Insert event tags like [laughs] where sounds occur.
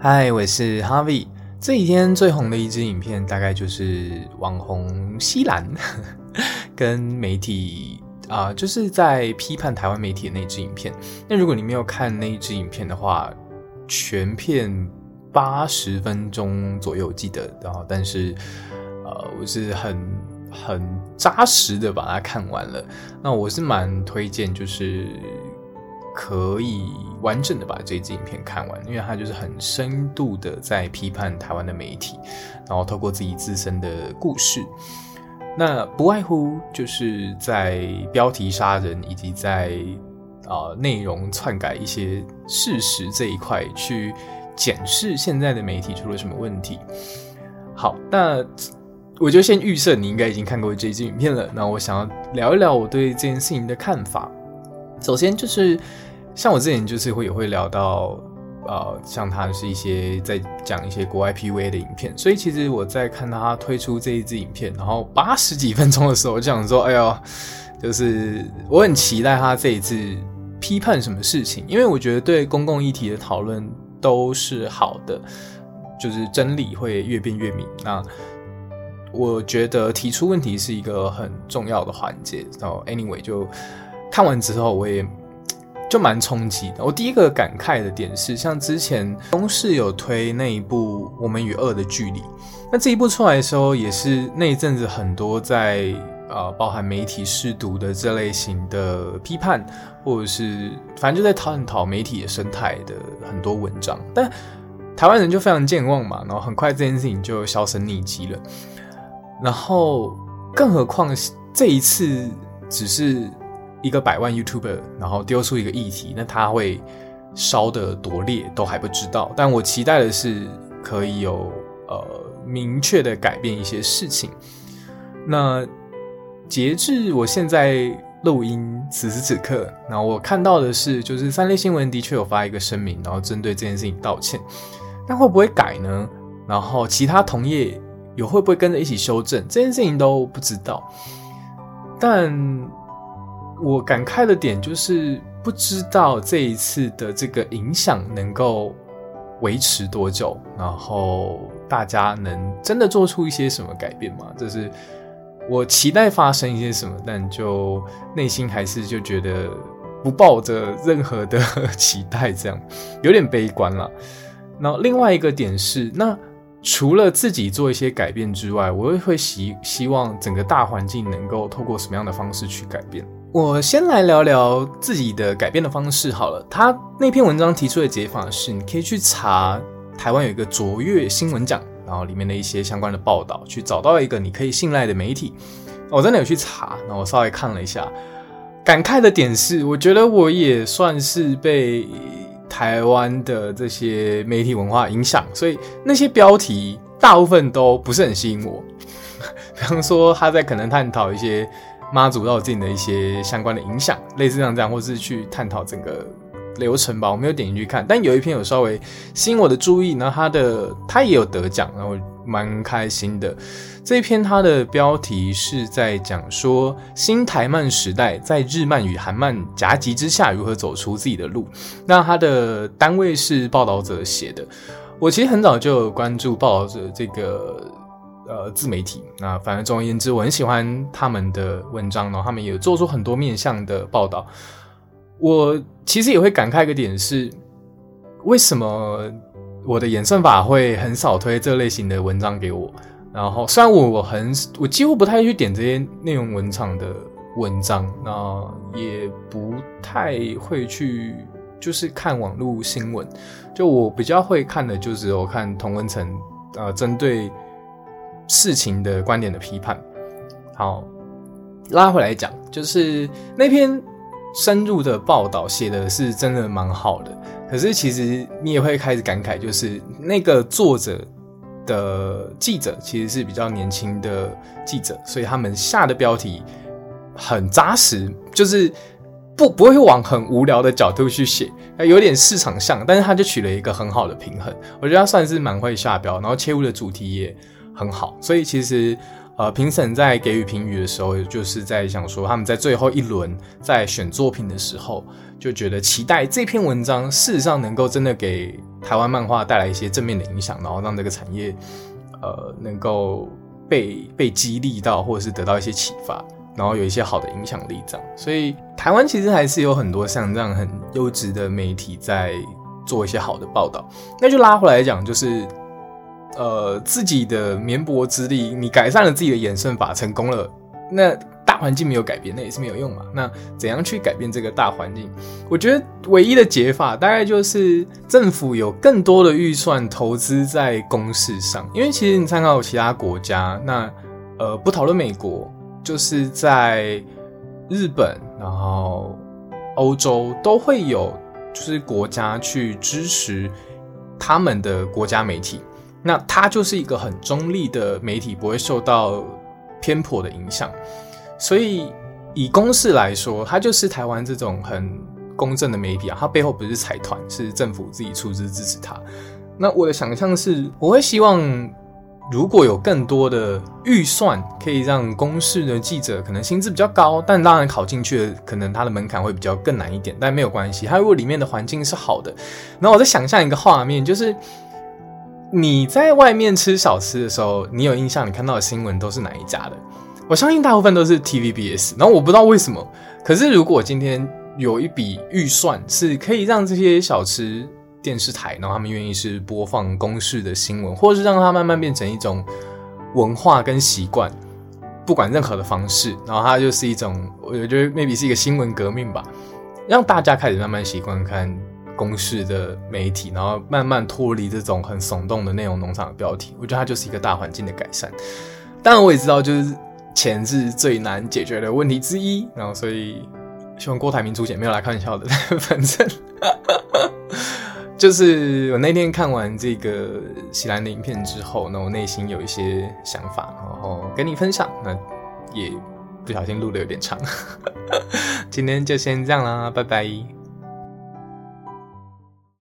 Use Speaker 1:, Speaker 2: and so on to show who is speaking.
Speaker 1: 嗨，Hi, 我是 Harvie。這幾天最紅的一支影片，大概就是網紅錫蘭 [laughs] 跟媒體啊，呃，就是在批判台灣媒體的那支影片。那如果你沒有看那一支影片的話，全片八十分鐘左右，記得然後，但是呃，我是很很扎實的把它看完了。那我是蠻推薦，就是。可以完整的把這支影片看完，因為它就是很深度的在批判台灣的媒體，然後透過自己自身的故事，那不外乎就是在標題殺人，以及在啊、呃、內容篡改一些事實這一塊去檢視現在的媒體出了什麼問題。好，那我就先預設你應該已經看過這支影片了，那我想要聊一聊我對這件事情的看法。首先就是。像我之前就是會也會聊到，呃，像他是一些在講一些國外 PUA 的影片，所以其實我在看他推出這一支影片，然後八十幾分鐘的時候，我就想說，哎呦，就是我很期待他這一次批判什麼事情，因為我覺得對公共議題的討論都是好的，就是真理會越辯越明。那我覺得提出問題是一個很重要的環節。然後 anyway，就看完之後我也。就蠻衝擊的。我第一個感慨的點是，像之前公視有推那一部《我們與惡的距離》，那這一部出來的時候，也是那一陣子很多在啊、呃、包含媒體識讀的這類型的批判，或者是反正就在探討媒體的生態的很多文章。但台灣人就非常健忘嘛，然後很快這件事情就銷聲匿跡了。然後，更何況這一次只是。一個百萬 YouTuber，然後丟出一個議題，那他會燒得多烈都還不知道。但我期待的是可以有呃明確的改變一些事情。那截至我現在錄音此時此刻，那我看到的是，就是三立新聞的確有發一個聲明，然後針對這件事情道歉。但會不會改呢？然後其他同業有會不會跟着一起修正這件事情都不知道。但我感慨的點就是，不知道這一次的這個影響能夠維持多久，然後大家能真的做出一些什麼改變嗎？就是我期待發生一些什麼，但就內心還是就覺得不抱着任何的 [laughs] 期待，這樣有點悲觀了。那另外一個點是，那除了自己做一些改變之外，我又會希希望整個大環境能夠透過什麼樣的方式去改變。我先來聊聊自己的改變的方式好了。他那篇文章提出的解法是，你可以去查台灣有一個卓越新聞獎，然後裡面的一些相關的報道，去找到一個你可以信賴的媒體。我真的有去查，然後我稍微看了一下，感慨的點是，我覺得我也算是被台灣的這些媒體文化影響，所以那些標題大部分都不是很吸引我。比方說，他在可能探討一些。媽祖到自己的一些相關的影響，類似像這樣，或是去探討整個流程吧。我沒有點進去看，但有一篇有稍微吸引我的注意，那他的他也有得獎，然後蠻開心的。這一篇它的標題是在講說新台漫時代在日漫與韓漫夾擊之下如何走出自己的路。那它的單位是報道者寫的，我其實很早就有關注報道者這個。呃，自媒體，啊，反正總而言之，我很喜歡他們的文章，然後他們也做出很多面向的報道。我其實也會感慨一個點是，為什麼我的演算法會很少推這類型的文章給我？然後，雖然我很我幾乎不太去點這些內容文場的文章，那、呃、也不太會去就是看網絡新聞。就我比較會看的，就是我看童文成啊、呃，針對。事情的觀點的批判，好拉回來講，就是那篇深入的報道寫的是真的蠻好的，可是其實你也會開始感慨，就是那個作者的記者其實是比較年輕的記者，所以他們下的標題很扎實，就是不不會往很無聊的角度去寫，有點市場向，但是他就取了一個很好的平衡，我覺得他算是蠻會下標，然後切入的主題也很好，所以其實，呃，評審在給予評語的時候，就是在想說，他們在最後一輪在選作品的時候，就覺得期待這篇文章事實上能夠真的給台灣漫畫帶來一些正面的影響，然後讓這個產業，呃，能夠被被激勵到，或者是得到一些啟發，然後有一些好的影響力，這樣。所以台灣其實還是有很多像這樣很優質的媒體在做一些好的報道。那就拉回來講，就是。呃，自己的綿薄之力，你改善了自己的演算法，成功了，那大環境沒有改變，那也是沒有用嘛。那怎樣去改變這個大環境？我覺得唯一的解法大概就是政府有更多的預算投資在公事上，因為其實你參考其他國家，那呃不討論美國，就是在日本，然後歐洲都會有，就是國家去支持他們的國家媒體。那它就是一個很中立的媒體，不會受到偏頗的影響。所以以公視來說，它就是台灣這種很公正的媒體啊。它背後不是財團，是政府自己出資支持它。那我的想象是，我會希望如果有更多的預算，可以讓公視的記者可能薪資比較高，但當然考進去的可能他的門檻會比較更難一點，但沒有關係。他如果裡面的環境是好的，然後我在想象一個畫面，就是。你在外面吃小吃的時候，你有印象？你看到的新聞都是哪一家的？我相信大部分都是 TVBS。然後我不知道為什麼，可是如果今天有一筆預算是可以讓這些小吃電視台，然後他們願意是播放公視的新聞，或者是讓它慢慢變成一種文化跟習慣，不管任何的方式，然後它就是一種，我覺得 maybe 是一個新聞革命吧，讓大家開始慢慢習慣看。公式的媒體，然後慢慢脫離這種很聳動的內容農場的標題，我覺得它就是一個大環境的改善。當然，我也知道，就是錢是最難解決的問題之一。然後，所以希望郭台銘出錢，沒有來開玩笑的。反正，就是我那天看完這個錫蘭的影片之後，那我內心有一些想法，然後跟你分享。那也不小心錄的有點長，今天就先這樣啦，拜拜。